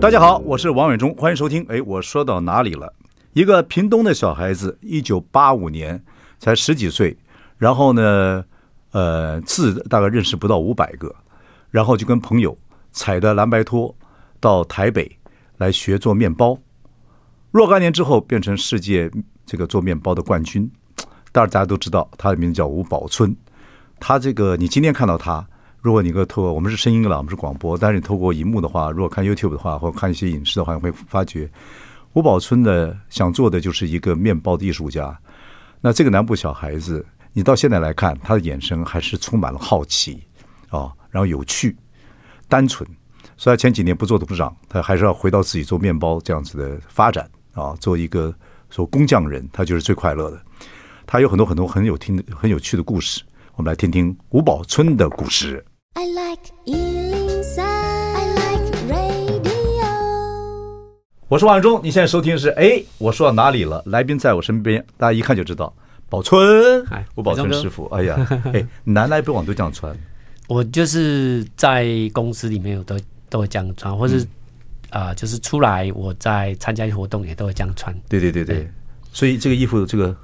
大家好，我是王偉忠，歡迎收聽。欸，我說到哪裡了？一個屏東的小孩子，一九八五年才十幾歲，然後呢，呃，字大概認識不到五百個，然後就跟朋友踩著藍白拖到台北來學做麵包。若干年之後，變成世界這個做麵包的冠軍。但是大家都知道他的名字叫吳寶春。他這個，你今天看到他。如果你個透過，我們是聲音了，我們是廣播，但是你透過熒幕的話，如果看 YouTube 的話，或者看一些影視的話，你會發覺吳寶春的想做的就是一個麵包的藝術家。那這個南部小孩子，你到現在來看，他的眼神還是充滿了好奇啊、哦，然後有趣、單純。雖然前幾年不做董事長，他還是要回到自己做麵包這樣子的發展啊、哦，做一個說工匠人，他就是最快樂的。他有很多很多很有聽、很有趣的故事，我們來聽聽吳寶春的故事。I like E L I z A. I like radio. 我是王中，你現在收聽的是哎，我說到哪裡了？來賓在我身邊，大家一看就知道。寶春，哎、我寶春師傅。哎呀，哎，南來北往都這樣穿。 我就是在公司裡面，我都都會這樣穿，或是啊、嗯呃，就是出來我在參加一些活動也都會這樣穿。對對對對，哎、所以這個衣服，這個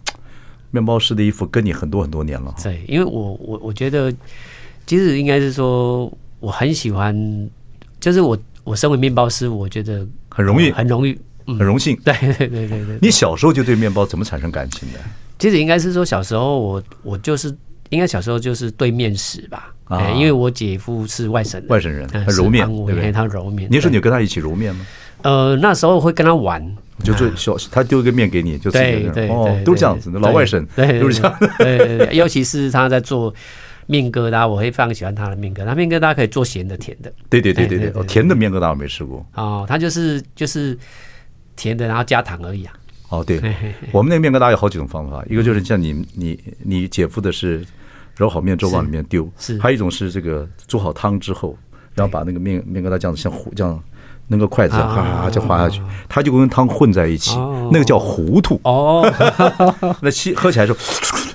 麵包師的衣服，跟你很多很多年了。對，因為我我我覺得。其實應該是說，我很喜歡，就是我我身為麵包師，我覺得很容易，很容易、呃，很榮幸,、嗯很榮幸嗯。對對對對你小時候就對面包怎麼產生感情的？其實應該是說，小時候我我就是，應該小時候就是對面食吧。啊。因為我姐夫是外省人，外省人，嗯、很揉我對對對他揉面，對不對,對？他揉面。你說你跟他一起揉面嗎？呃，那時候會跟他玩，就做小、啊，他丟一個面給你，就對對,對,對哦，都是這樣子。的對對對對老外省，都是這樣的。對對,對,對, 對,對對，尤其是他在做。麵疙瘩，我會非常喜歡他的麵疙瘩。他麵疙瘩可以做鹹的、甜的。對對對對對，哎、對對對哦，甜的麵疙瘩我沒吃過。哦，他就是就是甜的，然後加糖而已啊。哦，對，我們那個麵疙瘩有好幾種方法，嘿嘿嘿一個就是像你你你，你姐夫的是揉好麵之後往裡面丟，是；還有一種是這個煮好湯之後，然後把那個麵麵疙瘩這樣像糊這樣弄個筷子、啊，嘩、啊、就滑下去、啊，它就跟湯混在一起，啊、那個叫糊塗哦。那喝喝起來說。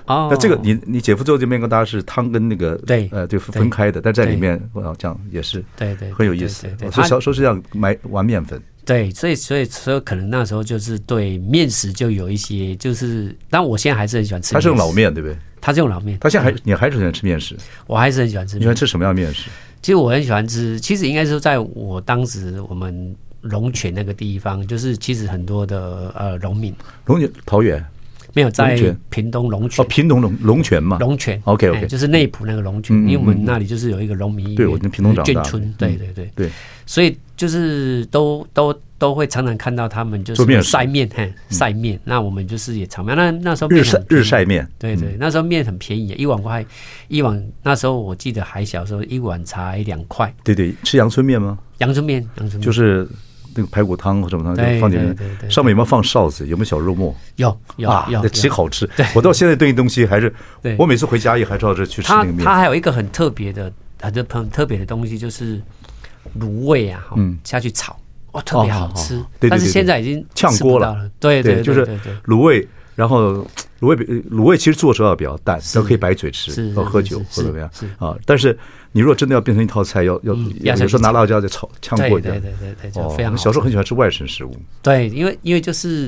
哦、那這個你你姐夫做的這麵疙瘩是湯跟那個對呃對，分開的，但在裡面老講、哦、也是對對很有意思對對對對對、哦。所以小時候是這樣買玩麵粉。對，所以所以所以可能那時候就是對麵食就有一些就是，但我現在還是很喜歡吃。他是用老麵，對不對？他是用老麵。他現在還、嗯、你還是很喜歡吃麵食？我還是很喜歡吃。你喜歡吃什麼樣的麵食？其實我很喜歡吃，其實應該說在我當時我們龍泉那個地方，就是其實很多的呃農民龍泉桃源。沒有在屏東龍泉哦，屏東龍龍泉嘛，龍泉 OK OK，、欸、就是內埔那個龍泉、嗯嗯，因為我們那裡就是有一個農民醫院、嗯嗯，對，我們屏東長大對對對對，所以就是都都都會常常看到他們就是曬麵哈曬、嗯、麵，那我們就是也常、嗯、那那時候日曬日曬麵對，對對，那時候麵很便宜，嗯、一碗塊一碗，那時候我記得還小時候一碗才兩塊，對，對對，吃陽春麵嗎？陽春麵，就是。那個排骨湯或什麼湯，放點，上，上面有沒有放哨子？有沒有小肉末？有有有，有，有、啊，極好吃。我到現在對那東西還是，對對對對，我每次回家也還照着去吃那個麵。它還有一個很特別的，很多很特別的東西，就是滷味啊，嗯，下去炒，哇、嗯哦，特別好吃。哦哦哦哦、對對對對，但是現在已經嗆鍋了，對對，對，就是滷味，然後滷味滷味其實做出來比較淡，都可以白嘴吃，或喝酒或者怎麼樣啊，但是。你如果真的要變成一套菜，要要、嗯、要有時候拿辣椒在炒熗鍋的，對對對對，對對對對，哦、非常好。我小時候很喜歡吃外省食物。對，因為因為就是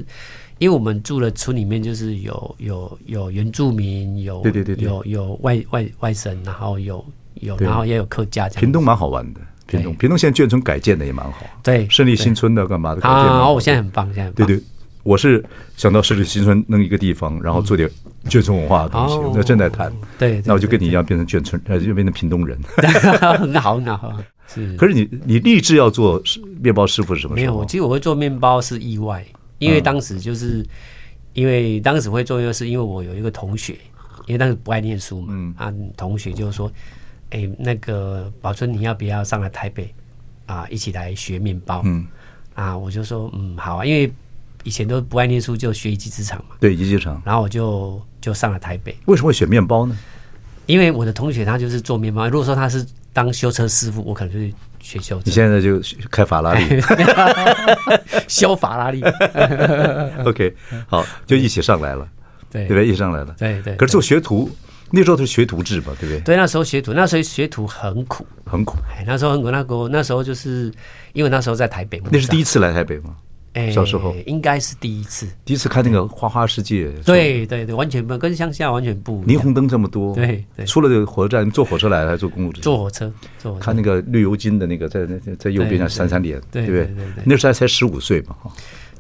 因為我們住的村裡面就是有有有原住民，有對，對對對，有有外外外省，然後有有然後也有客家。屏東蠻好玩的，屏東，屏東現在眷村改建的也蠻好，對，勝利新村的幹嘛的？好，我現在很棒，現在很棒。對對對。我是想到市裡新村弄一個地方，然後做點眷村文化的東西，嗯、我正在談。對、哦，那我就跟你一樣，變成眷村，呃、嗯，又變成屏東人。對對對對呵呵 很好，很好。是。可是你，你立志要做面包師傅是什麼時候？沒有，我其實我會做面包是意外，因為當時就是，嗯、因為當時我會做，又是因為我有一個同學，因為當時不愛念書嘛，嗯、啊，同學就說，哎、欸，那個寶春，你要不要上來台北啊，一起來學面包？嗯，啊，我就說，嗯，好啊，因為。以前都不愛念書，就學一技之長嘛。對，一技之長。然後我就就上了台北。為什麼會選麵包呢？因為我的同學他就是做麵包。如果說他是當修車師傅，我可能就是學修車。你現在就開法拉利，修法拉利。OK，好，就一起上來了，對不對？一起上來了，對對、對。可是做學徒，那時候是學徒制嘛，對不對？對，那時候學徒，那時候學徒很苦，很苦。哎，那時候很苦，那個那時候就是因為那時候在台北嘛。那是第一次來台北嗎？ 小時候、欸、應該是第一次，第一次看那個花花世界。對對對，完全不跟鄉下完全不。霓虹燈這麼多，對，對，對，除了火車站坐火車來了，坐公路車。坐火車，坐。火車。看那個綠油精的那個在，在在右邊那閃閃點，對對、對、對對？對對對，那時候才十五歲嘛。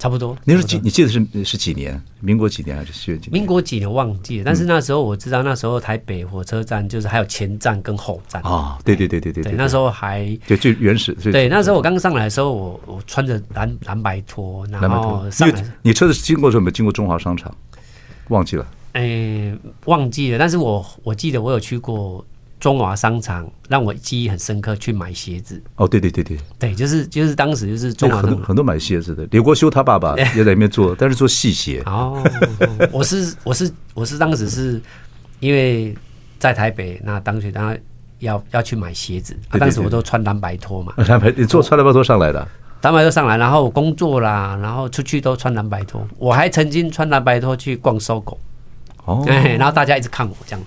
差不多。你記你記得是是幾年？民國幾年還是西元幾年？民國幾年忘記了，但是那時候我知道，那時候台北火車站就是還有前站跟後站。啊、嗯，對對對對對，對。對，那時候還。對，最原始。對，對對對，那時候我剛上來的時候，我我穿着藍藍白拖，藍白拖。的你車子經過的時候有沒有經過中華商場？忘記了。哎、呃，忘記了。但是我我記得我有去過。中華商場讓我記憶很深刻，去買鞋子。哦，對對對對，對，就是就是當時就是中華、oh, 很多很多買鞋子的，劉國修他爸爸也在裡面做， 但是做細鞋。哦、oh, oh, oh, oh, oh.，我是我是我是當時是因為在台北， 那當時他要要去買鞋子對對對、啊，當時我都穿藍白拖嘛。藍白，你做穿藍白拖上來的？Oh, 藍白拖上來，然後我工作啦，然後出去都穿藍白拖。我還曾經穿藍白拖去逛 Sogo。哦，然後大家一直看我這樣。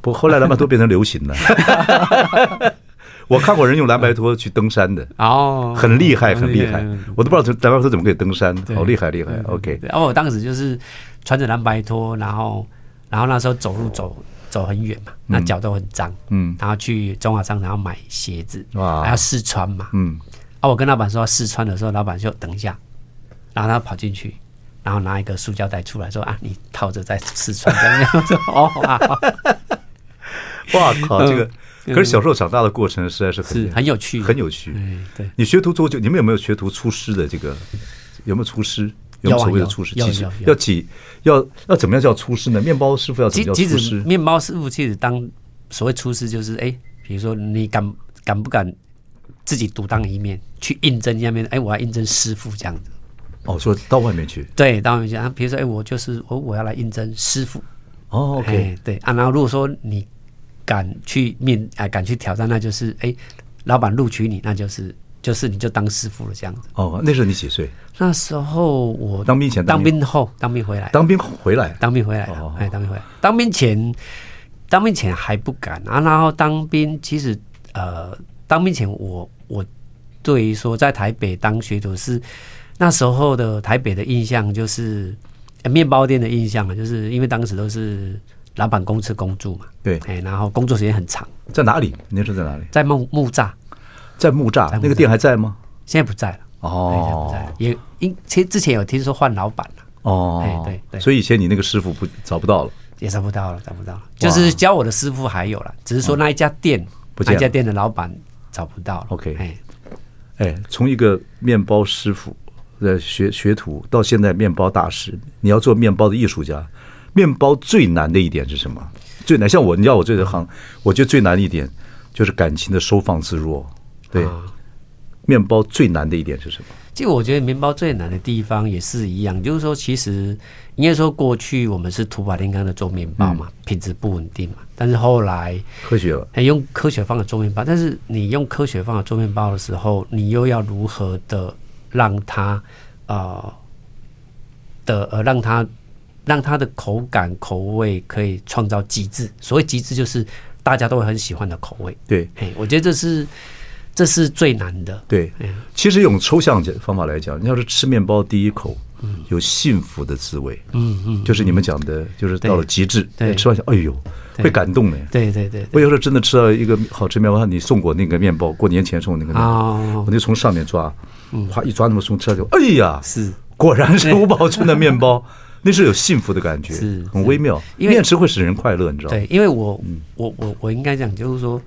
不，後來藍白拖變成流行了。 我看過人用藍白拖去登山的哦，很厲害，嗯、很厲害。我都不知道藍白拖怎麼可以登山，好厲害，厲害。OK，啊，我當時就是穿着藍白拖，然後，然後那時候走路走走很遠嘛，那腳都很髒，嗯，然後去中華商場買鞋子，哇，還要試穿嘛，嗯，啊，我跟老闆說試穿的時候，老闆就等一下，然後他跑進去，然後拿一個塑膠袋出來，說啊，你套着再試穿這樣， 這樣說哦啊。哦哇靠！這個、嗯、可是小時候長大的過程，實在是很、是、很有趣的，很有趣。對，你學徒多久？你們有沒有學徒出師的這個？有沒有出師？有沒有所謂的出師？要要要幾？要要，要怎麼樣叫出師呢？麵包師傅要怎麼叫出師？即、即使？麵包師傅其實當所謂出師，就是誒，欸、比如說你敢敢不敢自己獨當一面去應徵外面？誒、欸，我要應徵師傅這樣子。哦，說到外面去，對，到外面去。啊，比如說，誒、欸，我就是我，我要來應徵師傅。哦 o、okay，欸、對啊，然後如果說你。敢去面啊，敢去挑戰，那就是哎、欸，老闆錄取你，那就是就是你就當師傅了這樣子。哦，那時候你幾歲？那時候我當兵前當兵，當兵後當兵，當兵回來，當兵回來，當兵回來，哎，當兵回來。當兵前，當兵前還不敢啊。然後當兵，其實呃，當兵前我我對於說在台北當學徒是那時候的台北的印象就是欸、麵包店的印象嘛，就是因為當時都是。老板公吃公住嘛？對、哎，然後工作時間很長。在哪裡？那時在哪裡？在木木柵，在木柵那個店還在嗎？現在不在了。哦，現在不在了。也因前之前有聽說換老板了。哦，哎、對對。所以以前你那個師傅不找不到了，也找不到了，找不到了。就是教我的師傅還有了，只是說那一家店，嗯、不那一家店的老板找不到了。OK，哎，哎，從一個麵包師傅的學學徒到現在面包大師，你要做面包的藝術家。麵包最難的一點是什麼？最難像我，你知道我這個行、嗯，我覺得最難一點就是感情的收放自如。對、啊，麵包最難的一點是什麼？其實我覺得麵包最難的地方也是一樣，就是說，其實應該說過去我們是土法煉鋼的做麵包嘛，嗯、品質不穩定嘛。但是後來科學了，用科學方法做麵包、嗯，但是你用科學方法做麵包的時候，你又要如何的讓它啊、呃、的呃讓它。讓它的口感、口味可以創造極致。所謂極致，就是大家都會很喜歡的口味。對，hey, 我覺得這是這是最難的。對，其實用抽象的方法來講，你要是吃麵包第一口、嗯，有幸福的滋味。嗯嗯，就是你們講的、嗯，就是到了極致。對，吃完想，哎呦，會感動的。對對，對對對，我有時候真的吃到一個好吃麵包，你送我那個麵包，過年前送的那個麵包、哦，我就從上面抓，啪、嗯、一抓那麼鬆，吃到就，哎呀，是果然是吳寶春的麵包。 那是有幸福的感覺，是是很微妙。因為麵食會使人快樂，你知道嗎？對，因為我、嗯、我我我應該講，就是說，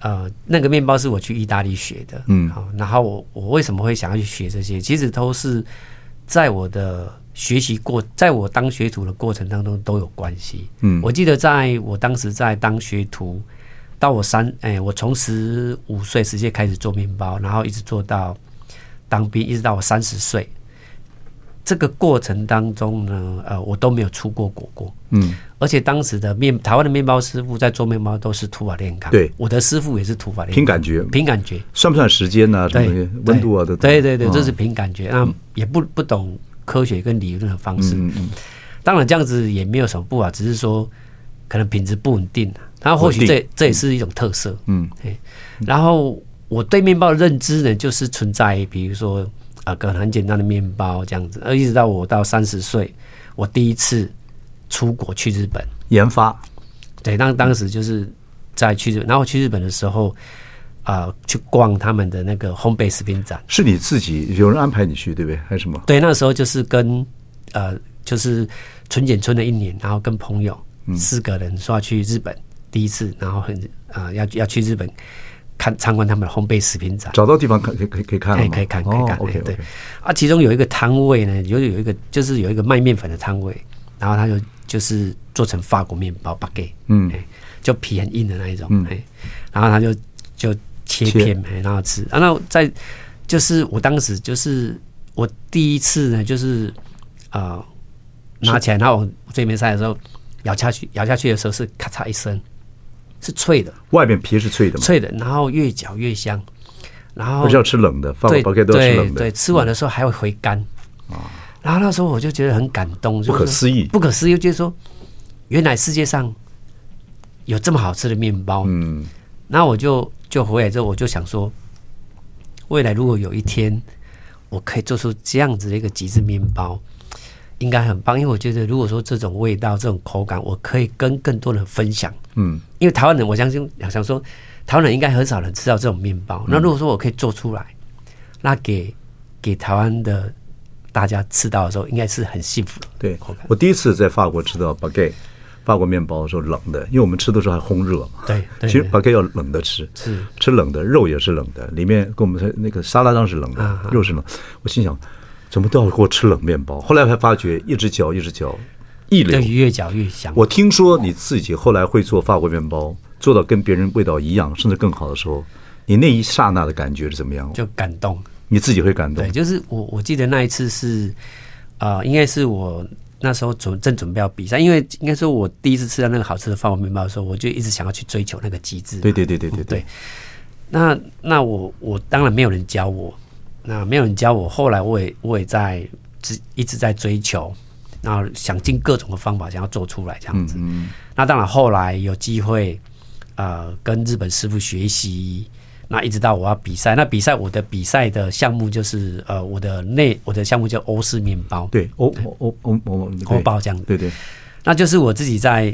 呃，那個麵包是我去意大利學的，嗯，好，然後我我為什麼會想要去學這些？其實都是在我的學習過，在我當學徒的過程當中都有關係。嗯，我記得在我當時在當學徒，到我三，哎，我從十五歲直接開始做面包，然後一直做到當兵，一直到我三十歲。這個過程當中呢，呃，我都沒有出過國過，嗯，而且當時的麵，台灣的麵包師傅在做麵包都是土法煉鋼，對，我的師傅也是土法煉鋼，憑感覺，憑感，感覺，算不算時間呢、啊？對，溫度啊，對對對，這、哦，就是憑感覺，那、啊嗯、也不不懂科學跟理論的方式，嗯嗯，嗯，當然這樣子也沒有什麼不好，只是說可能品質不穩定，然後或許這、嗯、這也是一種特色，對嗯，嗯，然後我對麵包的認知呢，就是存在，比如說。啊，可能很簡單的面包這樣子，呃，一直到我，我到三十歲，我第一次出國去日本研發，對，那當，當時就是在去日本，然後去日本的時候，啊、呃，去逛他們的那個烘焙食品展。是你自己有人安排你去，嗯、對不對？還是什麼？對，那時候就是跟呃，就是春繭村的一年，然後跟朋友四、嗯、個人說要去日本第一次，然後很啊、呃，要要去日本。看參觀他們的烘焙食品展，找到地方可以可以可以看了嗎、欸？可以看，可以看。Oh, okay, okay. 對，啊，其中有一個攤位呢，有有一個就是有一個賣麵粉的攤位，然後他就就是做成法國麵包 baguette 嗯、欸，就皮很硬的那一種，哎、嗯欸，然後他就就切片，哎，然後吃。啊，那在就是我當時就是我第一次呢，就是啊、呃、拿起來，然後我這邊塞的時候咬下去，咬下去的時候是咔嚓一聲。是脆的，外面皮是脆的嗎？脆的，然後越嚼越香，然後是要吃冷的，放都吃冷的對對，對，吃完的時候還會回甘、嗯。然後那時候我就覺得很感動，不可思議，就是、不可思議，就是說，原來世界上有這麼好吃的麵包。嗯，那我就就回來之後，我就想說，未來如果有一天我可以做出這樣子的一個極致麵包。嗯嗯應該很棒，因為我覺得，如果說這種味道，這種口感，我可以跟更多人分享。嗯，因為台灣人，我相信好像說，台灣人應該很少人吃到這種麵包，嗯。那如果說我可以做出來，那給給台灣的大家吃到的時候，應該是很幸福的。對，口感。我第一次在法國吃到 baguette 法國麵包，說冷的，因為我們吃的時候還烘熱嘛。對，其實 baguette 要冷的吃，是吃冷的肉也是冷的，裡面跟我們說那個沙拉醬是冷的，啊，肉是冷的。我心想。怎麼都要給我吃冷麵包。後來還發覺，一直嚼一直嚼，一就越嚼越香。我聽說你自己後來會做法國麵包，做到跟別人味道一樣，甚至更好的時候，你那一剎那的感覺是怎麼樣？就感動，你自己會感動。對，就是我，我記得那一次是啊、呃，應該是我那時候準正準備要比賽，因為應該說，我第一次吃到那個好吃的法國麵包的時候，我就一直想要去追求那個極致。對對對對對對，對，、哦對。那那我我當然沒有人教我。那沒有人教我，後來我也我也在一一直在追求，然後想盡各種的方法想要做出來這樣子。嗯。那當然後來有機會，呃，跟日本師傅學習。那一直到我要比賽，那比賽我的比賽的項目就是呃，我的內我的項目叫歐式麵包，對，歐歐歐歐歐歐包這樣子。對，對對，那就是我自己在，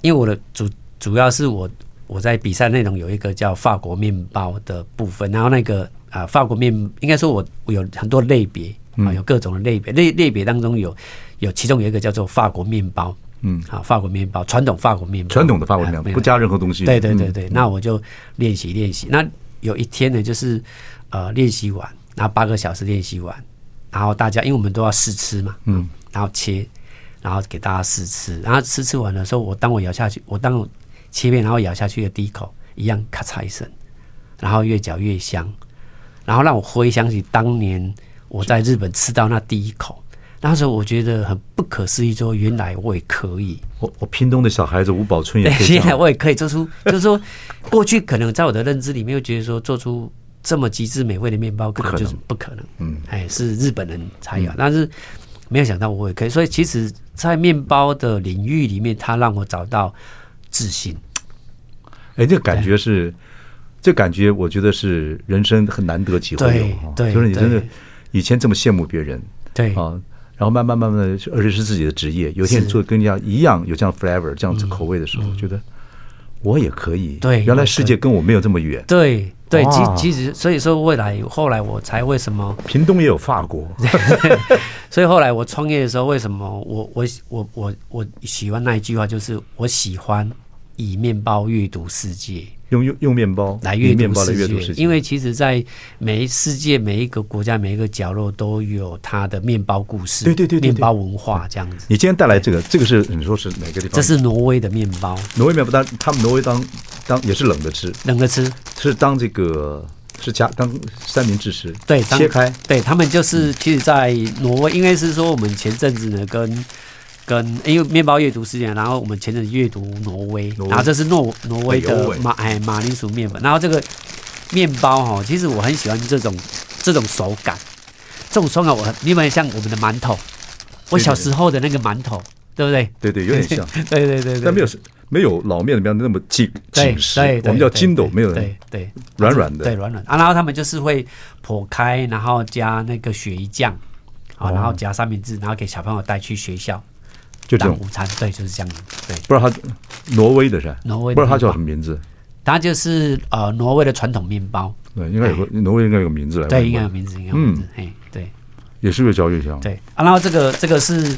因為我的主主要是我我在比賽內容有一個叫法國麵包的部分，然後那個。啊，法國麵應該說，我我有很多類別啊、嗯，有各種的類別。類類別當中有有，其中有一個叫做法國麵包。嗯，啊，法國麵包，傳統法國麵包，傳統的法國麵包，不加任何東西。啊、對對對對，嗯，那我就練習練習。那有一天呢，就是呃，練習完，然後八個小時練習完，然後大家因為我們都要試吃嘛，嗯，然後切，然後給大家試吃，然後吃吃完的時候，我當我咬下去，我當我切片然後咬下去的第一口，一樣咔嚓一聲，然後越嚼越香。然後讓我回想起當年我在日本吃到那第一口，那時候我覺得很不可思議，說原來我也可以。我我屏東的小孩子吳寶春也可以對，原來我也可以做出， 就是說過去可能在我的認知裡面，會覺得說做出這麼極致美味的麵包，根本就是不可能，不可能，嗯，哎、欸，是日本人才有、嗯，但是沒有想到我也可以。所以其實在麵包的領域裡面，它讓我找到自信。哎、欸，這個、感覺是。這感覺我覺得是人生很難得機會哦，就是你真的以前這麼羨慕別人，對啊，然後慢慢慢慢的，而且是自己的職業，有些人做跟人家一樣有這樣 flavor 這樣子口味的時候，嗯嗯、我覺得我也可以，對，原來世界跟我沒有這麼遠，對對，其、啊、其實所以說未來後來我才為什麼屏東也有法國， 所以後來我創業的時候為什麼我我我我我喜歡那一句話就是我喜歡。以麵包閱讀世界，用用用麵包來閱讀世界，因為其實，在每一世界每一個國家每一個角落，都有它的麵包故事，對對對，對，對，麵包文化這樣子。你今天帶來這個，這個是你說是哪個地方？這是挪威的麵包，挪威麵包當他們挪威當當也是冷的吃，冷的吃是當這個是加當三明治吃，對當，切開，對他們就是其實，在挪威、嗯、應該是說我們前陣子呢跟。跟因為麵包閱讀事件，然後我們前陣閱讀挪威，挪威，然後這是諾挪威的馬哎馬鈴薯麵粉，然後這個麵包哈，其實我很喜歡這種這種手感，這種手感我很，你們像我們的饅頭，我小時候的那個饅頭，對不對？對對，對，有點像， 對，對，對,對對對但沒有沒有老麵裡面怎麼那麼緊緊實，對對對對對對我們叫筋斗，沒有軟軟的對對軟軟的，對軟軟，啊，然後他們就是會剖開，然後加那個雪衣醬，啊，然後夾三明治，然後給小朋友帶去學校。就這當午餐，對，就是這樣子，對。不是他，挪威的噻。挪威不是他叫什麼名字？他就是呃，挪威的傳統面包。對，應該有挪威應該有名字來問問，對，應該有名字，應該有名字。哎、嗯，對。也是越嚼越香。對、啊，然後這個這個是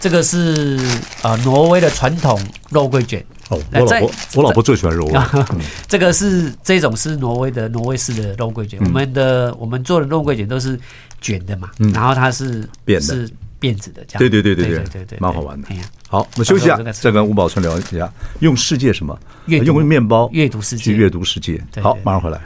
這個是呃，挪威的傳統肉桂卷。哦，我老婆我老婆最喜歡肉桂。 這個是這種是挪威的挪威式的肉桂卷。嗯、我們的我們做的肉桂卷都是卷的嘛，嗯、然後它是扁的。辮子的家，對對對對對對，蠻好玩的。好，我們休息一下，再跟吳寶春聊一下。用世界什麼？用麵包閱讀世界，去閱讀世界。好，馬上回來。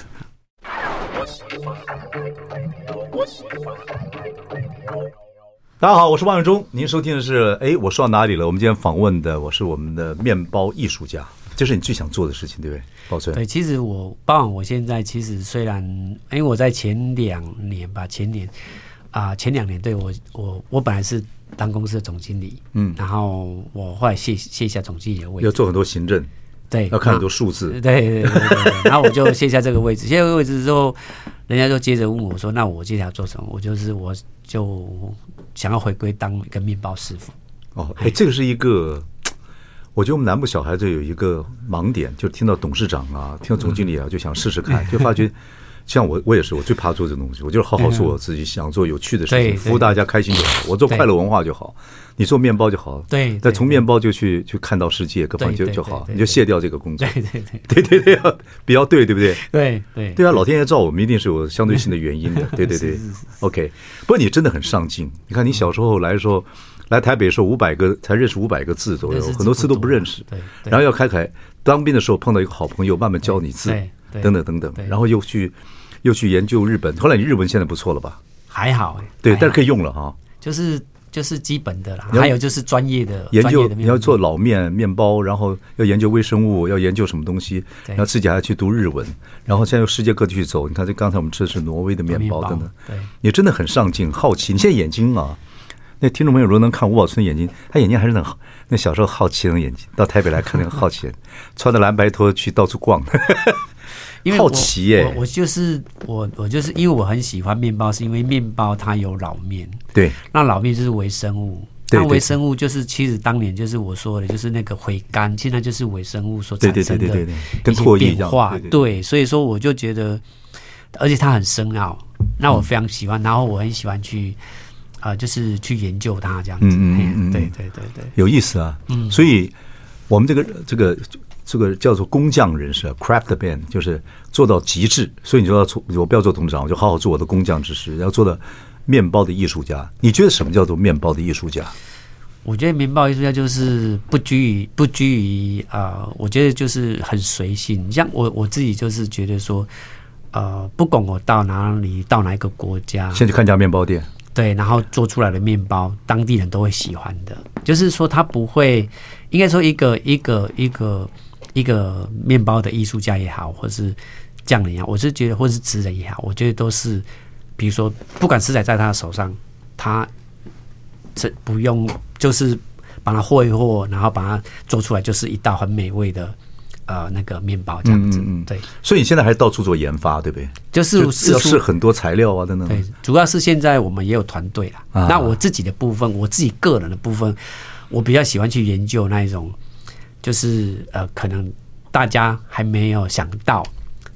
大家好，我是萬永中，您收聽的是。哎，我說到哪裡了？我們今天訪問的，我是我們的麵包藝術家，這是你最想做的事情，對不對？寶春，對，其實我，包括我現在，其實雖然，因為我在前兩年吧，前年。啊，前兩年對我，我我本來是當公司的總經理，嗯，然後我後來卸、卸下總經理的位置，要做很多行政，對，要看很多數字，對對對， 對對對，然後我就卸下這個位置， 卸下位置之後，人家就接着問我說，說那我接下來要做什麼？我就是我就想要回歸當一個麵包師傅。哦，哎，這個是一個、哎，我覺得我們南部小孩子有一個盲點，就聽到董事長啊，聽到總經理啊，就想試試看，就發覺。 像我，我也是，我最怕做這種東西。我就是好好做我自己想做有趣的事情，嗯、服務大家開心就好。對對對對，我做快樂文化就好，對對對對，你做麵包就好。對，但從麵包就去去看到世界，各方面就就好。你就卸掉這個工作，對對對，對，對，對，對，對 比較對，對不對？對對對啊！老天爺造我們，一定是有相對性的原因的。對對對，OK。不過你真的很上進。你看你小時候來的時候，來台北的時候，五百個才認識五百個字左右，很多字都不認識。對。然後要開開當兵的時候碰到一個好朋友，慢慢教你字，等等等等。然後又去。又去研究日本，後來你日文現在不錯了吧？還好哎、欸，對哎，但是可以用了哈、啊。就是就是基本的啦，還有就是專業的研究的。你要做老麵麵包，然後要研究微生物，要研究什麼東西，然後自己還要去讀日文。然後現在又世界各地去走，你看這剛才我們吃的是挪威的麵包，對，真的，你真的很上進、好奇。你現在眼睛啊，那聽眾朋友如果能看吳寶春的眼睛，他眼睛還是很好。那小時候好奇那個眼睛，到台北來看那個好奇， 穿着藍白拖去到處逛。 因為好奇耶、欸！我就是我，我就是因為我很喜歡麵包，是因為麵包它有老麵。對，那老麵就是微生物，對對對。那微生物就是其實當年就是我說的，就是那個回甘，現在就是微生物所產生的一些變化。對，所以說我就覺得，而且它很深奧，那我非常喜歡。嗯、然後我很喜歡去啊、呃，就是去研究它這樣子。嗯嗯嗯，對、嗯、對對對，有意思啊。嗯。所以我們這個這個。這個叫做工匠人士 craft band 就是做到極致。所以你就要做，我不要做董事長，我就好好做我的工匠之師，要做的麵包的藝術家。你覺得什麼叫做麵包的藝術家？我覺得麵包藝術家就是不拘於不拘於啊、呃，我覺得就是很隨性。像我我自己就是覺得說，呃，不管我到哪裡，到哪一個國家，先去看家麵包店，對，然後做出來的麵包，當地人都會喜歡的。就是說，他不會，應該說一個一個一個。一個一個麵包的藝術家也好，或是匠人也好，我是覺得，或是職人也好，我覺得都是，比如說，不管食材在他的手上，他不用，就是把它和一和，然後把它做出來，就是一道很美味的，呃，那個麵包這樣子，嗯嗯嗯。對，所以你現在還到處做研發，對不對？就是要試很多材料啊，等等。對，主要是現在我們也有團隊了。那我自己的部分，我自己個人的部分，我比較喜歡去研究那一種。就是呃，可能大家還沒有想到，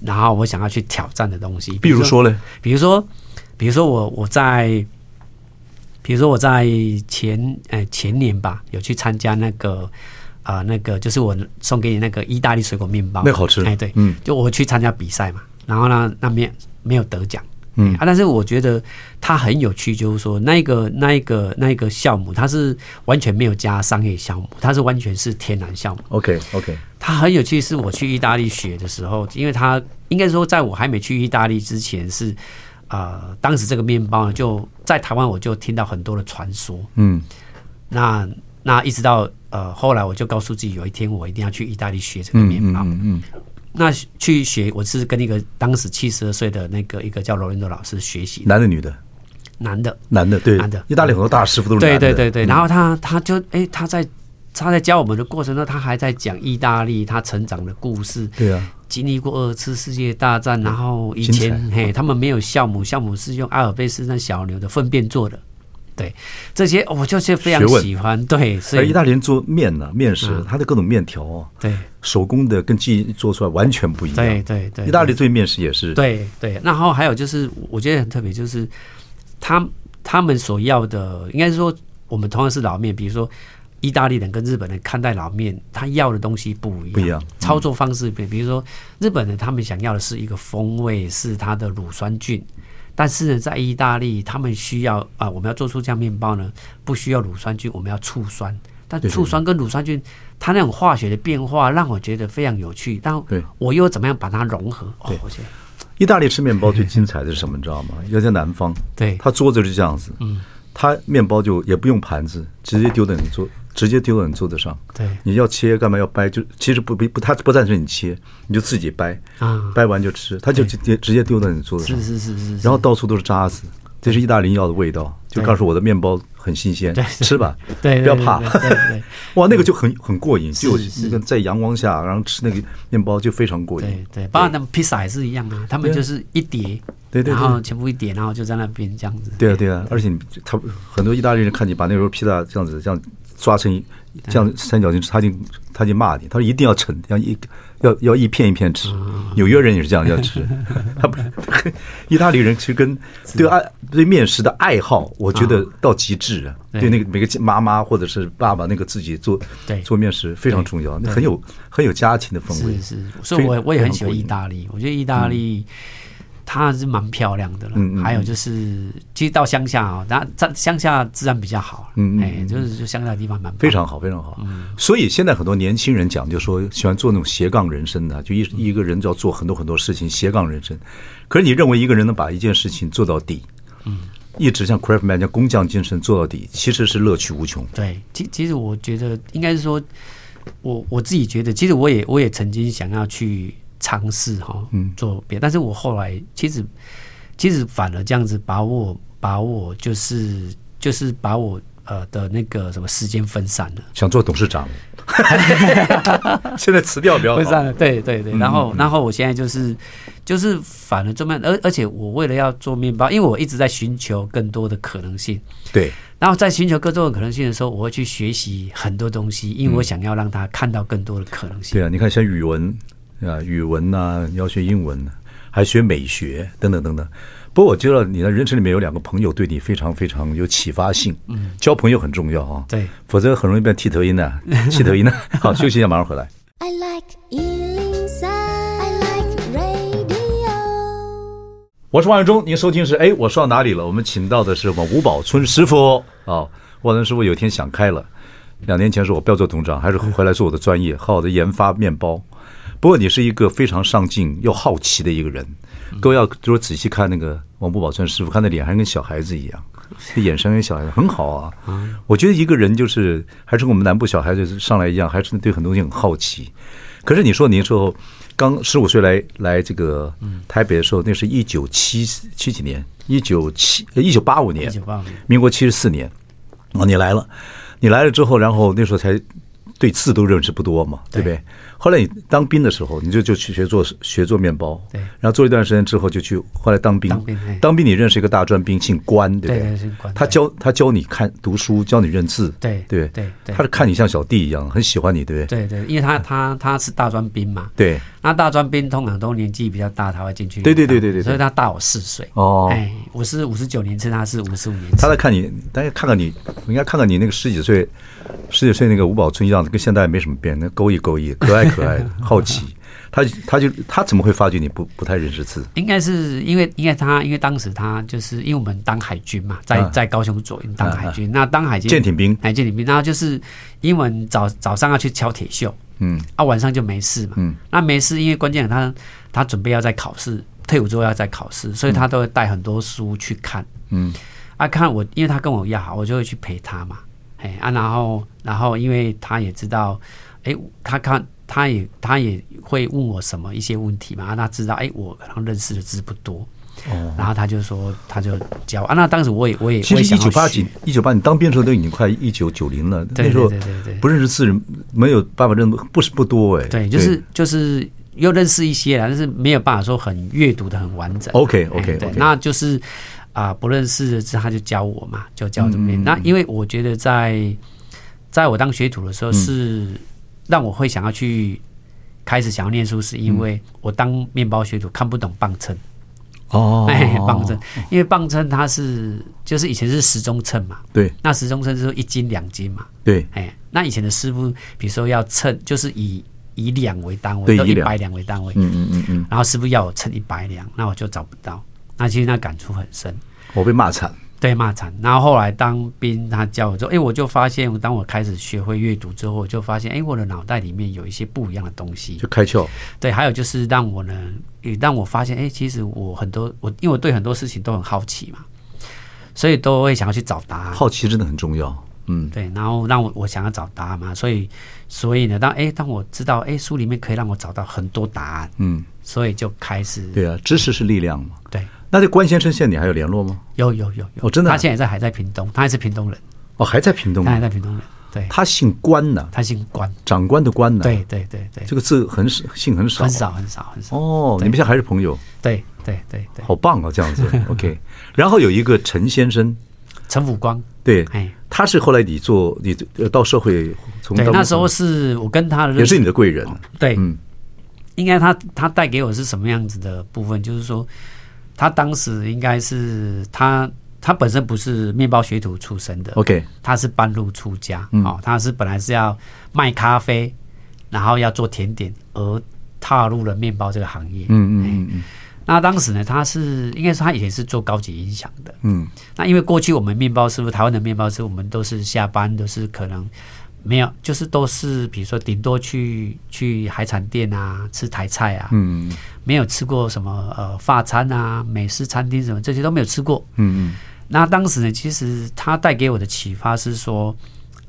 然後我想要去挑戰的東西。比如說，比如說呢？比如說，比如說我我在，比如說我在前誒、呃、前年吧，有去參加那個啊、呃、那個，就是我送給你那個意大利水果麵包，那好吃。哎，對，嗯，就我去參加比賽嘛，然後呢，那面沒，沒有得獎。嗯啊，但是我覺得它很有趣，就是說那一個那一個那一個酵母，它是完全沒有加商業酵母，它是完全是天然酵母。OK OK，它很有趣，是我去意大利學的時候，因為它應該說在我還沒去意大利之前是啊、呃，當時這個麵包呢，就在台灣，我就聽到很多的傳說。嗯，那那一直到呃後來，我就告訴自己有一天我一定要去意大利學這個麵包。嗯。嗯嗯那去學，我是跟一個當時七十二歲的那個一個叫羅蘭多老師學習。男的女的？男的。男的對。男的。意大利很多大師傅都是男的。對對對對，然後他他就哎、欸，他在他在教我們的過程中，他還在講意大利他成長的故事。對啊。經歷過二次世界大戰，然後以前嘿，他們沒有酵母，酵母是用阿爾卑斯山小牛的糞便做的。對，這些我就是非常喜歡。對，所以意大利人做麵呢，啊，麵食，它，啊、的各種麵條，哦，對，手工的跟機做出來完全不一樣。對對對，對，對，意大利對麵食也是。對對，然後還有就是，我覺得很特別，就是他他們所要的，應該是說，我們同樣是老麵，比如說意大利人跟日本人看待老麵，他要的東西不一樣，一樣嗯，操作方式變。比如說日本人，他們想要的是一個風味，是它的乳酸菌。但是呢，在意大利，他們需要啊，我們要做出這樣面包呢，不需要乳酸菌，我們要醋酸。但醋酸跟乳酸菌，它那種化學的變化讓我覺得非常有趣。但我又怎麼樣把它融合？對，意大利吃面包最精彩的是什麼？ 你知道嗎？尤其在南方，對他桌子是這樣子，嗯，他面包就也不用盤子，直接丟在你桌。直接丟到你桌子上，對，你要切幹嘛？要掰就其實不不不，他不贊成你切，你就自己掰啊，掰完就吃，他就直接丟到你桌子上，是是是是。然後到處都是渣子，這是意大利要的味道，就告訴我的麵包很新鮮，對，吃吧，對，不要怕，對對、對、對、對。哇，那個就很很過癮，是是，就在陽光下，然後吃那個麵包就非常過癮。對對，包括那披薩也是一樣啊，他們就是一疊，對、啊、對、對，然後全部一疊，然後就在那邊這樣子。對啊、對啊、對、啊對啊，而且他很多意大利人看你把那個時候披薩這樣子這樣，抓成這樣三角形，他就他就罵你。他說一定要成，要一要要一片一片吃、嗯。紐約人也是這樣要吃。 他不是意大利人，其實跟對愛對面食的愛好，我覺得到極致啊對。對那個每個媽媽或者是爸爸，那個自己做做面食非常重要，那很有很有家庭的風味。是是，所以我,我也很喜歡意大利。我覺得意大利、嗯。它是蠻漂亮的了、嗯，還有就是，其實到鄉下啊、哦，那在鄉下自然比較好，嗯、哎，就是就鄉下的地方蠻非常好，非常好。所以現在很多年輕人講，就說喜歡做那種斜槓人生的、啊，就一一個人要做很多很多事情，斜槓人生、嗯。可是你認為一個人能把一件事情做到底，嗯，一直像 craftman 叫工匠精神做到底，其實是樂趣無窮。對，其其實我覺得應該是說我，我我自己覺得，其實我也我也曾經想要去。嘗試哈做別，但是我後來其實其實反而這樣子把我把我就是就是把我呃的那個什麼時間分散了。想做董事長， 現在辭掉比較好分散了。對對對，然後然後我現在就是就是反而做麵包，而而且我為了要做麵包，因為我一直在尋求更多的可能性。對，然後在尋求各種可能性的時候，我會去學習很多東西，因為我想要讓他看到更多的可能性。對啊，你看像語文。語文啊，語文你要學英文，還學美學等等等等。不過我覺得你的人生裡面有兩個朋友對你非常非常有啟發性。嗯，交朋友很重要啊。對，否則很容易變剃頭音的、啊，剃頭音的、啊。 好，休息一下，馬上回來。I like 103, I like radio。我是萬永忠，您收聽是哎，我說到哪裡了？我們請到的是我們吳寶春師傅啊。萬、哦、能師傅有一天想開了，兩年前說我不要做董事長，還是回來做我的專業，好、嗯、好的研发面包。不過你是一個非常上進又好奇的一個人，都要就是仔細看那個吳寶春師傅，看他臉還是跟小孩子一樣，眼神跟小孩子很好啊。我覺得一個人就是還是跟我們南部小孩子上來一樣，還是對很多東西很好奇。可是你說，你那時候剛十五歲來來這個台北的時候，那是一九七七幾年，一九七一九八五年，一九八五年，民國七十四年，哦，你來了，你來了之後，然後那時候才對字都認識不多嘛，對不對？對後來你當兵的時候，你就就去學做學做麵包，對，然後做一段時間之後就去。後來當兵，當兵，你認識一個大專兵，姓關，對不對？姓關，他教他教你看讀書，教你認字，對對對，他是看你像小弟一樣，很喜歡你，對不對？對對、對，因為他他他是大專兵嘛，對。那大專兵通常都年紀比較大，他會進去，對對對對對，所以他大我四歲哦，哎，我是五十九年次，他是五十五年次，他在看你，大家看看你，應該看看你那個十幾歲，十幾歲那個吳寶春一樣子，跟現在沒什麼變，那勾一勾一可愛。可愛好奇，他他就他怎麼會發覺你不不太認識字？應該是因為，因為他因為當時他就是因為我們當海軍嘛，在在高雄左營當海軍，那當海軍艦、啊、艇、啊啊啊、兵，海艦艇兵、啊，海艦艇兵，然後就是英文早早上要去敲鐵鏽，嗯啊，晚上就沒事嘛，嗯，那沒事，因為關鍵他他準備要再考試，退伍之後要再考試，所以他都會帶很多書去看，嗯啊，看我，因為他跟我一樣，我就會去陪他嘛，哎啊，然後然後因為他也知道，哎，他看。他也他也會問我什麼一些問題嘛？啊、他知道哎、欸，我可能認識的字不多，oh. 然後他就說他就教啊。那當時我也我也其實一九八幾一九八，98, 你當兵的時候都已經快一九九零了。Okay. 那時候對對對不認識字，okay. 沒有辦法認，不是不，不多哎、欸。對，就是就是又認識一些，但是沒有辦法說很閱讀的很完整。OK OK，okay. 欸、對，那就是啊、呃，不認識的字他就教我嘛，就教教怎麼念。那因為我覺得在在我當學徒的時候是。嗯讓我會想要去開始想要念書，是因為我當麵包學徒看不懂磅秤哦， 磅秤，因為磅秤它是就是以前是時鐘秤嘛，對，那時鐘秤就是說，一斤兩斤嘛，對，哎，那以前的師傅，比如說要稱，就是以以兩為單位，對，一百兩為單位，嗯嗯嗯嗯，然後師傅要我稱一百兩，那我就找不到，那其實那感觸很深，我被罵慘。對，罵慘，然後後來當兵，他教我之後，哎，我就發現，當我開始學會閱讀之後，我就發現，哎，我的腦袋裡面有一些不一樣的東西，就開竅。對，還有就是讓我呢，也讓我發現，哎，其實我很多，我因為我對很多事情都很好奇嘛，所以都會想要去找答案。好奇真的很重要，嗯，對。然後讓我我想要找答案嘛，所以所以呢，當哎當我知道，哎，書裡面可以讓我找到很多答案，嗯，所以就開始。對啊，知識是力量嘛。嗯，對。那這關先生現在你還有聯絡嗎？有有有有，我、哦、真的他現在還在還在屏東，他還是屏東人。哦，還在屏東。他還在屏東人。對，他姓關呢、啊，他姓關，長官的關呢、啊。對對對對，這個字很少，姓很少，很少很少。哦，你們現在還是朋友。對對對對，好棒啊，這樣子。 OK，然後有一個陳先生，陳撫光，對，他是後來你做你到社會從，從那時候是我跟他也是你的貴人。對，嗯，應該他他帶給我是什麼樣子的部分，就是說。他當時應該是他，他本身不是面包學徒出身的。OK，他是半路出家、嗯哦、他是本來是要賣咖啡，然後要做甜點，而踏入了面包這個行業。嗯嗯嗯,嗯、欸、那當時呢，他是應該說他以前是做高級音響的。嗯。那因為過去我們麵包師傅，台灣的面包師，我們都是下班都是可能沒有，就是都是比如說頂多去去海產店啊，吃台菜啊。嗯,嗯。沒有吃過什麼呃，法餐啊，美式餐廳什麼這些都沒有吃過。嗯嗯。那當時呢，其實他帶給我的啟發是說，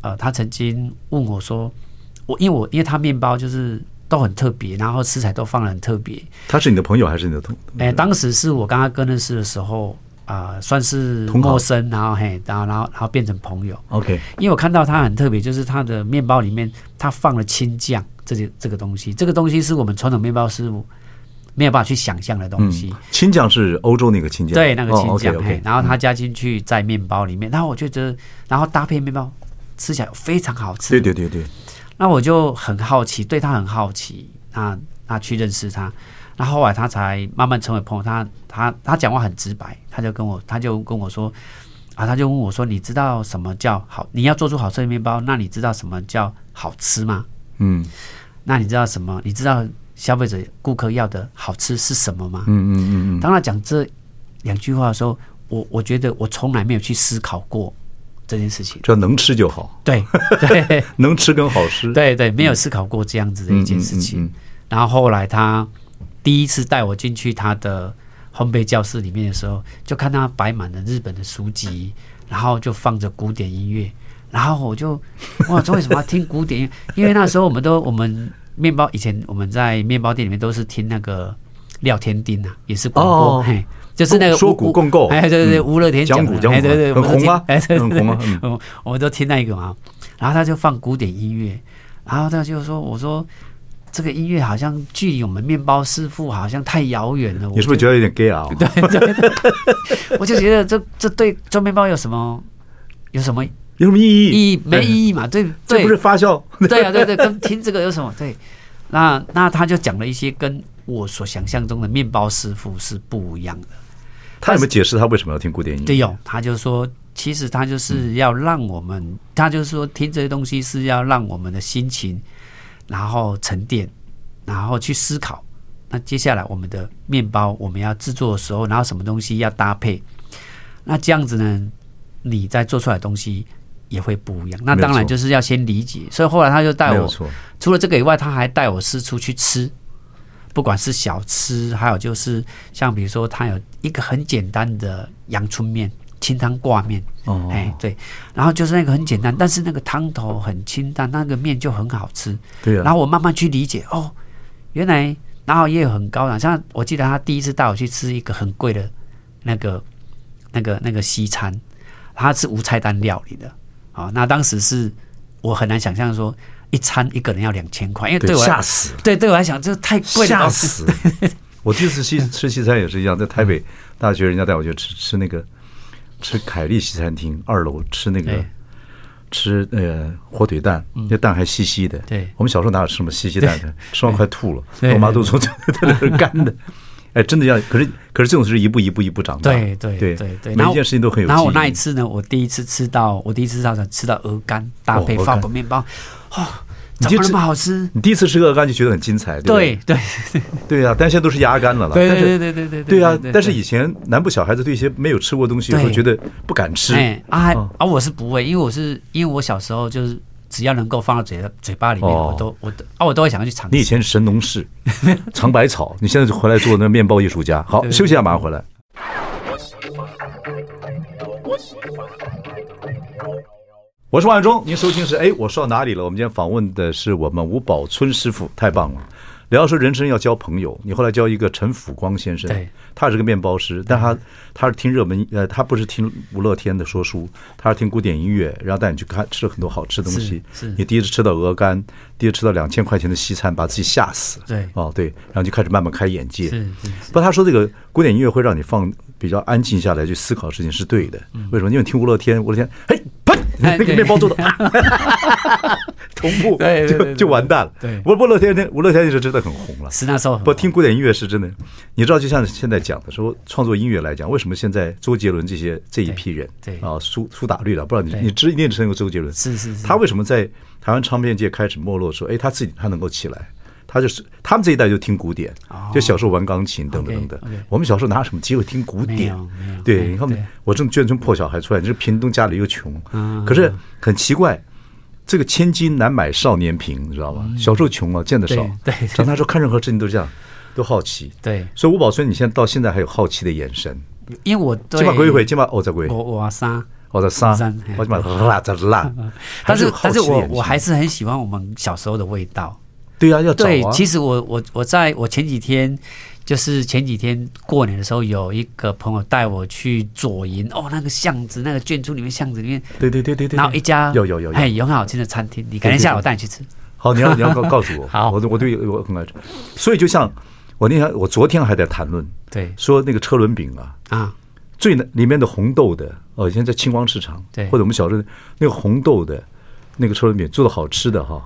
呃，他曾經問我說，我因為我因為他面包就是都很特別，然後食材都放得很特別。他是你的朋友還是你的同？哎，當時是我剛剛哥認識的時候啊、呃，算是陌生，同然後嘿，然後然後然後變成朋友。OK。因為我看到他很特別，就是他的面包裡面他放了青醬這些、個、這個東西，這個東西是我們傳統面包師傅。沒有辦法去想象的東西。嗯、青醬是歐洲那個青醬，對那個青醬。哦、okay, okay, 然後他加進去在面包裡面，嗯、然後我就覺得，然後搭配面包吃起來非常好吃。對對對對。那我就很好奇，對他很好奇，那啊，那去認識他，那後後來他才慢慢成為朋友。他他他講話很直白，他就跟我，他就跟我說，啊，他就問我說，你知道什麼叫好？你要做出好吃的面包，那你知道什麼叫好吃嗎？嗯，那你知道什麼？你知道？消費者顧客要的好吃是什麼嗎？嗯嗯嗯嗯。當他講這兩句話的時候，我我覺得我從來沒有去思考過這件事情。就能吃就好。對對， 能吃跟好吃。對對，沒有思考過這樣子的一件事情。嗯嗯嗯嗯。然後後來他第一次帶我進去他的烘焙教室裡面的時候，就看他擺滿了日本的書籍，然後就放着古典音樂，然後我就，哇，我說，為什麼要聽古典音樂？音 因為那時候我們都我們。麵包以前我們在麵包店裡面都是聽那個廖添丁啊，也是廣播哦哦哦，嘿，就是那個說古共購、嗯，哎，對對對，吳樂天講古、嗯，哎，對對，很紅嗎、啊？哎，很紅嗎、啊哎嗯？我們都聽那一個嘛，然後他就放古典音樂，然後他就說：“我說這個音樂好像距離我們麵包師傅好像太遙遠了。我”你是不是覺得有點 gay 啊、哦？ 對，對，對，我就覺得這這對做麵包有什麼有什麼？有什麼意義？意義沒意義嘛對不對？對，這不是發酵？對啊，對對，跟聽這個有什麼？對，那那他就講了一些跟我所想象中的面包師傅是不一樣的。他有沒有解釋他為什麼要聽古典音樂？對有、哦。他就說，其實他就是要讓我們，嗯、他就是說聽這些東西是要讓我們的心情，然後沉澱，然後去思考。那接下來我們的面包我們要制作的時候，然後什麼東西要搭配？那這樣子呢？你在做出來的東西？也會不一樣，那當然就是要先理解。所以後來他就帶我，除了這個以外，他還帶我四處去吃，不管是小吃，還有就是像比如說他有一個很簡單的陽春麵、清湯掛麵，哎、哦欸，對。然後就是那個很簡單，但是那個湯頭很清淡，那個麵就很好吃。對啊。然後我慢慢去理解，哦，原來然後也有很高檔。像我記得他第一次帶我去吃一個很貴的那個、那個、那個西餐，他是無菜單料理的。好，那當時是我很難想象說一餐一個人要兩千塊，因為對我嚇死，對死對，對我來講這太貴了，嚇死。我第一次西吃西餐也是一樣， 在台北大學人家帶我去吃吃那個吃凱利西餐廳二樓吃那個吃呃火腿蛋，那、嗯、蛋還稀稀的，對，我們小時候哪有吃什麼稀稀蛋的，吃完快吐了，我媽都說這這都是乾的。哎、欸，真的要，可是可是這種是一步一步一步長大的，對對對對對。每一件事情都很有趣。然後我那一次呢，我第一次吃到，我第一次吃到吃到鵝肝搭配法、哦、國麵包，哦，你就這麼、麼好吃？你第一次吃鵝肝就覺得很精彩，對不對？對對、對、對、對啊，但現在都是鴨肝了了，對對對對對對對呀。但是以前南部小孩子對一些沒有吃過東西會覺得不敢吃，啊啊！我是不會，因為我是因為我小時候就是。只要能夠放到嘴的嘴巴裡面，哦、我都我都啊，我都會想要去嘗。你以前是神農氏嘗百草， 你現在就回來做那麵包藝術家。好對對，休息一下，馬上回來。我喜歡我喜歡我是萬中，您收聽是哎，我說到哪裡了？我們今天訪問的是我們吳寶春師傅，太棒了。然後說，人生要交朋友，你後來交一個陳輔光先生，他是個麵包師，但他他是聽熱門呃，他不是聽吳樂天的說書，他是聽古典音樂，然後帶你去看吃了很多好吃的東西。你第一次吃到鵝肝，第一次吃到兩千塊錢的西餐，把自己嚇死。對哦對，然後就開始慢慢開眼界。不，他說這個古典音樂會讓你放比較安靜下來去思考事情是對的。為什麼？因為聽吳樂天，吳樂天，嘿。那 個麵包做的，啊， 同步就對對對對就完蛋了對對不不。對，我樂天天，我樂天就是真的很紅了很紅。是那時候，不聽古典音樂是真的。你知道，就像現在講的時候，說創作音樂來講，為什麼現在周杰倫這些這一批人，對，對啊，蘇蘇打綠了，不知道你你知，一定知道周杰倫。是是是。他為什麼在台灣唱片界開始沒落？說，哎，他自己他能夠起來。他就是他們這一代就聽古典，哦、就小時候玩鋼琴等等等等。Okay, okay, 我們小時候拿什麼機會聽古典？對、嗯，你看，哦、我這種眷村破小孩出來，你、就是屏東家裡又窮、嗯。可是很奇怪，這個千金難買少年貧，你知道嗎、嗯？小時候窮啊，見得少、嗯。對。像他說，看任何事情都這樣，都好奇。對。所以吳寶春，你現在到現在還有好奇的眼神？因為我金馬歸一回，金馬我在歸。我我三,三,三，我在三，我在辣在辣。但是，但是我我還是很喜歡我們小時候的味道。對呀、啊，要走、啊、對，其實我我我在我前幾天，就是前幾天過年的時候，有一個朋友帶我去左營哦，那個巷子，那個眷村裡面巷子裡面，對對對對對，然後一家要要要要有有有很很好吃的餐廳，你可能下午我帶你去吃對對對。好，你要你要告告訴我， 好，我我對我很愛吃。所以就像我那天，我昨天還在談論，對，說那個車輪餅啊、啊、嗯，最裡面的紅豆的，哦，以前在青光市場，對，或者我們小時候那個紅豆的那個車輪餅做的好吃的哈、哦。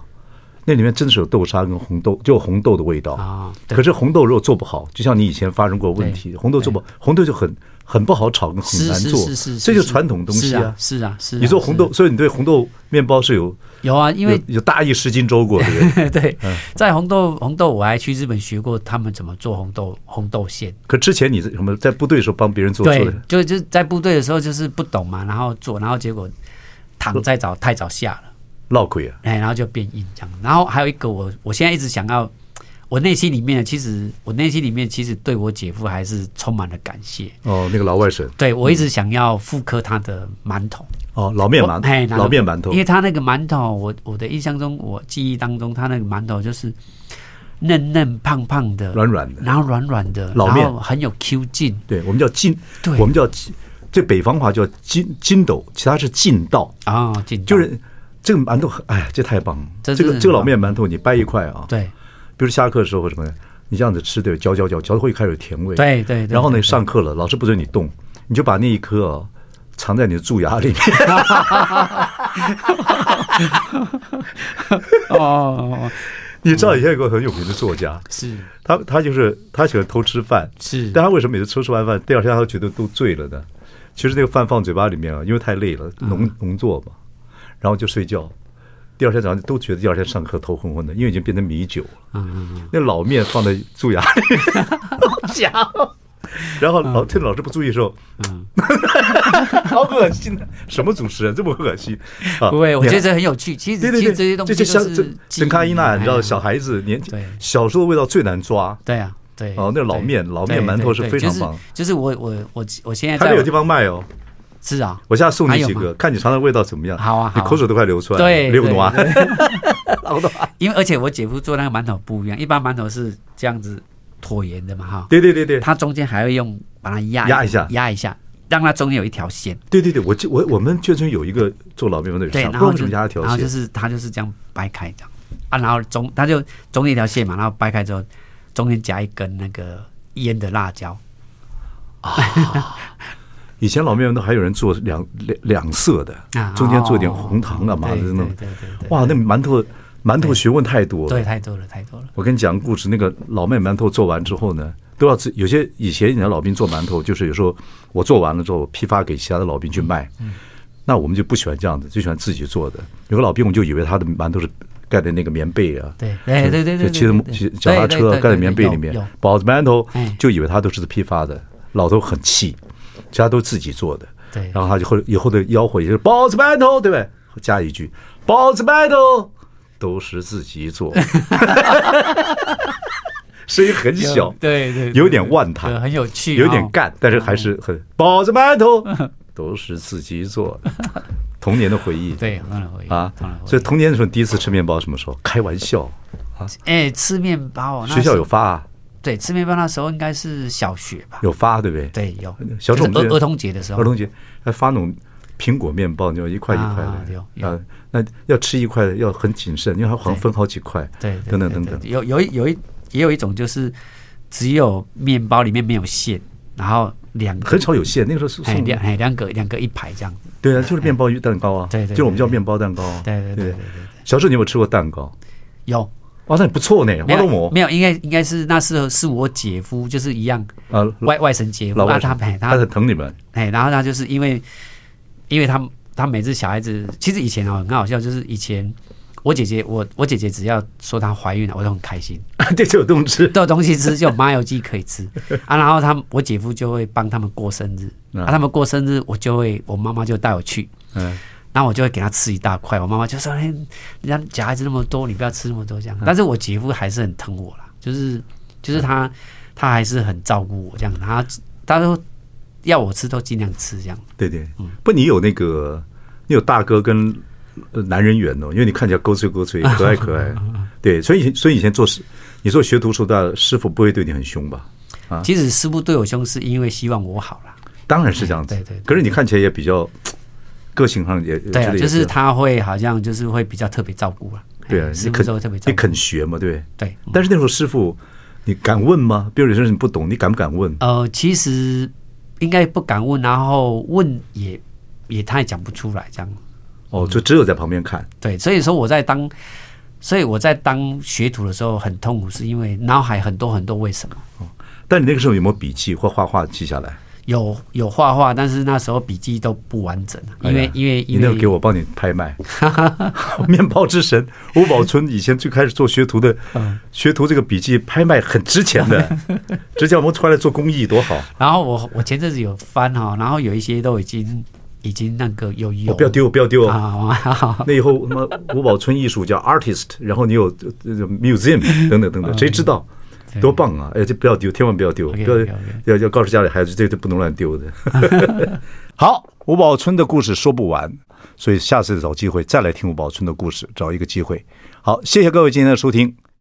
那裡面真的是有豆沙跟紅豆，就有紅豆的味道啊、哦。可是紅豆如果做不好，就像你以前發生過問題，紅豆做不好，紅豆就很很不好炒，很難做，是是是這就是傳統東西啊，是啊，是啊，是啊，你做紅豆，啊啊、所以你對紅豆麵包是有是啊是啊是啊有，有，有，有啊，因為有大意失荊州過的 對、嗯，在紅豆紅豆，我還去日本學過他們怎麼做紅豆紅豆餡。可之前你什麼在部隊的時候幫別人做，做的就就在部隊的時候就是不懂嘛，然後做，然後結果糖太早太早下了。烙虧啊！哎，然後就變硬這樣。然後還有一個我，我我現在一直想要，我內心裡面其實，我內心裡面其實對我姐夫還是充滿了感謝。哦，那個老外甥，對，我一直想要復刻他的饅頭。哦，老面饅頭，老面饅頭，因為他那個饅頭，我我的印象中，我記憶當中，他那個饅頭就是嫩嫩胖胖，胖的，軟軟的，然後軟軟的，老然後很有 Q 勁。對，我們叫勁，我們叫，對，我們叫這北方話叫筋筋斗，其他是勁道啊，就是。這個饅頭很哎，這太棒了這！這個這個老面饅頭，你掰一塊啊、嗯，對，比如下課的時候什麼你這樣子吃對，嚼嚼嚼，嚼得會開始有甜味，對對。對。然後呢，上課了，老師不准你動，你就把那一顆啊藏在你的蛀牙裡面。哈哈哈哈哈哈哈哈哦， 哦哦哦 你知道以前有個很有名的作家，是他，他就是他喜歡偷吃飯，是。但他為什麼每次吃完飯，第二天他都覺得都醉了的？其實那個飯放嘴巴裡面啊，因為太累了，農、嗯、農作嘛。然後就睡覺，第二天早上都覺得第二天上課頭昏昏的，因為已經變成米酒了。嗯嗯嗯，那老麵放在蛀牙裡面， 假、哦。然後老、嗯、趁老師不注意的時候，嗯，嗯，好噁心的， 什麼主持人這麼噁心、嗯啊？不會，我覺得這很有趣。其實，其實這些東西是對對對，這就是沈卡伊娜、哎，你知道，小孩子年紀小，對對、啊、小時候的味道最難抓。對啊，對。哦，那老麵對對對對，老麵饅頭是非常棒。對對對對，就是我我我我現在他有地方賣哦。是啊、哦，我現在送你幾個，看你嚐的味道怎麼樣。好啊，好啊，你口水都快流出來了，流不動啊。因為而且我姐夫做那個饅頭不一樣，一般饅頭是這樣子橢圓的嘛，哈。對對對對，它中間還要用把它壓壓一下，壓一,一,一下，讓它中間有一條線。對對對，我我我們泉州有一個做老麵饅頭，對，不用怎麼壓條線，然後就然後、就是他就是這樣掰開的，啊，然後中他就中間一條線嘛，然後掰開之後，中間夾一根那個醃的辣椒。啊、哦。 以前老麵饅頭都還有人做兩兩色的，中間做點紅糖的嘛的？那、啊、種、哦，對對對對對對，哇，那饅頭饅頭學問太多了對對，太多了，太多了。我跟你講個故事，那個老麵饅頭做完之後呢，都要自，有些以前人老兵做饅頭， 就是有時候我做完了之後批發給其他的老兵去賣。嗯嗯嗯，那我們就不喜歡這樣子，就喜歡自己做的。有個老兵，我們就以為他的饅頭是蓋在那個棉被啊，對，對對對，騎着其實腳踏車蓋在棉被裡面，包子饅頭，就以為他都是批發的，對對對對對對對對，老頭很氣。其他都自己做的，對，然後他就後以後的吆喝也、就是包子饅頭，對不對？加一句包子饅頭都是自己做的，聲 音很小，對對，有點萬談，很有趣，有點乾，但是還是很包子饅頭都是自己做的，童、嗯、年的回憶，對，童年回憶啊，童年回憶。所以童年的時候第一次吃麵包什麼時候？開玩笑啊，哎，吃麵包，學校有發、啊。對，吃麵包那時候應該是小學吧？有發，對不對？對，有。小時候，兒童節的時候，兒童節還發那種蘋果麵包，就一塊一塊的。啊、對，啊，那要吃一塊要很謹慎，因為它好像分好幾塊。對，對，對，對，對，等等等等。有有有一，有一也有一種就是只有麵包裡面沒有餡，然後兩個很少有餡。那個、時候送兩兩個兩個一排這樣子。對啊，就是麵包與蛋糕啊。對，對就我們叫麵包蛋糕啊。對對對對對對。小時候，你有，沒有吃過蛋糕？有。哇、哦，那你不錯呢、欸。沒有，沒有，應該應該是那時候是我姐夫，就是一樣、啊、外外甥結婚，我幫他買，他，他，他很疼你們。哎、欸，然後他就是因為，因為他他每次小孩子，其實以前哦、喔、很好笑，就是以前我姐姐，我我姐姐只要說她懷孕了，我都很開心啊 就有東西，都有東西吃， 就有麻油雞可以吃 啊。然後他我姐夫就會幫他們過生日啊，啊，他們過生日我就會，我媽媽就帶我去，嗯。然後我就會給他吃一大塊，我媽媽就說：“哎、欸，人家小孩子那麼多，你不要吃那麼多這樣。”但是，我姐夫還是很疼我啦，就是就是他、嗯、他還是很照顧我這樣，他他都要我吃都儘量吃這樣。對對，嗯、不，你有那個你有大哥跟男人緣哦，因為你看起來勾脆勾脆，可愛可愛。 對，所以所以以前做事，你做學徒時候，師傅不會對你很兇吧？啊，其實師傅對我兇，是因為希望我好啦。當然是這樣子，哎、對，對對。可是你看起來也比較。個性上也對、啊也，就是他會好像就是會比較特別照顧了、啊。對啊，是、哎、肯特別照顧，你肯學嘛，對，對。對、嗯，但是那時候師傅，你敢問嗎？比如說你不懂，你敢不敢問？呃，其實應該不敢問，然後問也也，也他也講不出來，這樣。哦，就只有在旁邊看、嗯。對，所以說我在當，所以我在當學徒的時候很痛苦，是因為腦海很多很多為什麼。哦，但你那個時候有沒有筆記或畫畫記下來？有有畫畫，但是那時候筆記都不完整，哎、因為因為因為你沒有給我幫你拍賣。 麵包之神吳寶春以前最開始做學徒的， 學徒這個筆記拍賣很值錢的， 直接我們出來做公益多好。 然後我我前陣子有翻哈，然後有一些都已經已經那個有有我不要丟不要丟啊、哦！ 那以後那麼吳寶春藝術叫 artist，然後你有 museum 等等等等，誰知道？ 哎多棒啊！哎，這不要丟，千萬不要丟，不、okay, okay, okay. 要要要告訴家裡孩子，這這不能亂丟的。 好，吳寶春的故事說不完，所以下次找機會再來聽吳寶春的故事，找一個機會。好，謝謝各位今天的收聽。